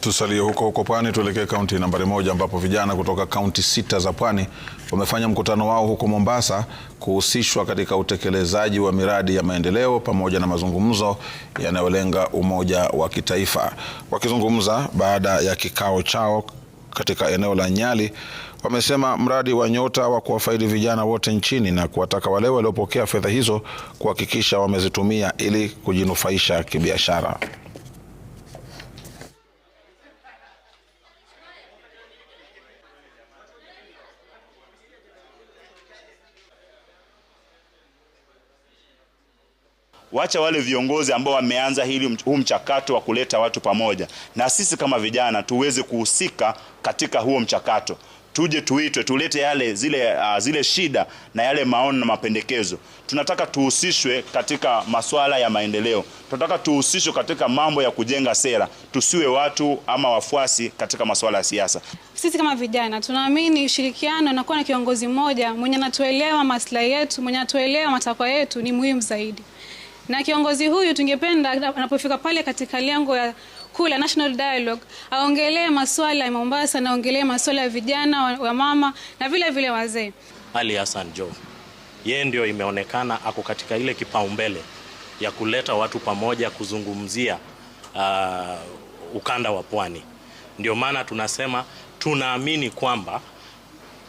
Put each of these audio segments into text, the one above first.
Tusalie huko huko pwani, tuelekee kaunti nambari moja ambapo vijana kutoka kaunti sita za pwani wamefanya mkutano wao huko Mombasa kuhusishwa katika utekelezaji wa miradi ya maendeleo pamoja na mazungumzo yanayolenga umoja wa kitaifa. Wakizungumza baada ya kikao chao katika eneo la Nyali, wamesema mradi wa Nyota wa kuwafaidi vijana wote nchini na kuwataka wale waliopokea fedha hizo kuhakikisha wamezitumia ili kujinufaisha kibiashara. wacha wale viongozi ambao wameanza hili huu mchakato wa kuleta watu pamoja, na sisi kama vijana tuweze kuhusika katika huo mchakato, tuje tuitwe, tulete yale zile, uh, zile shida na yale maoni na mapendekezo. Tunataka tuhusishwe katika masuala ya maendeleo, tunataka tuhusishwe katika mambo ya kujenga sera, tusiwe watu ama wafuasi katika masuala ya siasa. Sisi kama vijana tunaamini ushirikiano na kuwa na kiongozi mmoja mwenye anatuelewa maslahi yetu, mwenye anatuelewa matakwa yetu ni muhimu zaidi na kiongozi huyu tungependa anapofika pale katika lengo ya kuu la National Dialogue aongelee masuala ya Mombasa na aongelee masuala ya vijana wa mama na vile vile wazee. Ali Hassan Joho yeye ndio imeonekana ako katika ile kipaumbele ya kuleta watu pamoja kuzungumzia uh, ukanda wa pwani. Ndio maana tunasema tunaamini kwamba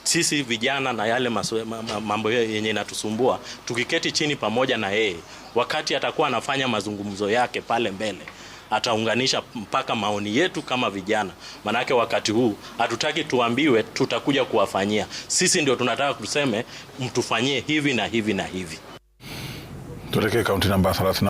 sisi vijana na yale maswe, mambo yenye inatusumbua, tukiketi chini pamoja na yeye, wakati atakuwa anafanya mazungumzo yake pale mbele ataunganisha mpaka maoni yetu kama vijana. Maanake wakati huu hatutaki tuambiwe tutakuja kuwafanyia, sisi ndio tunataka tuseme mtufanyie hivi na hivi na hivi. Tuelekee kaunti namba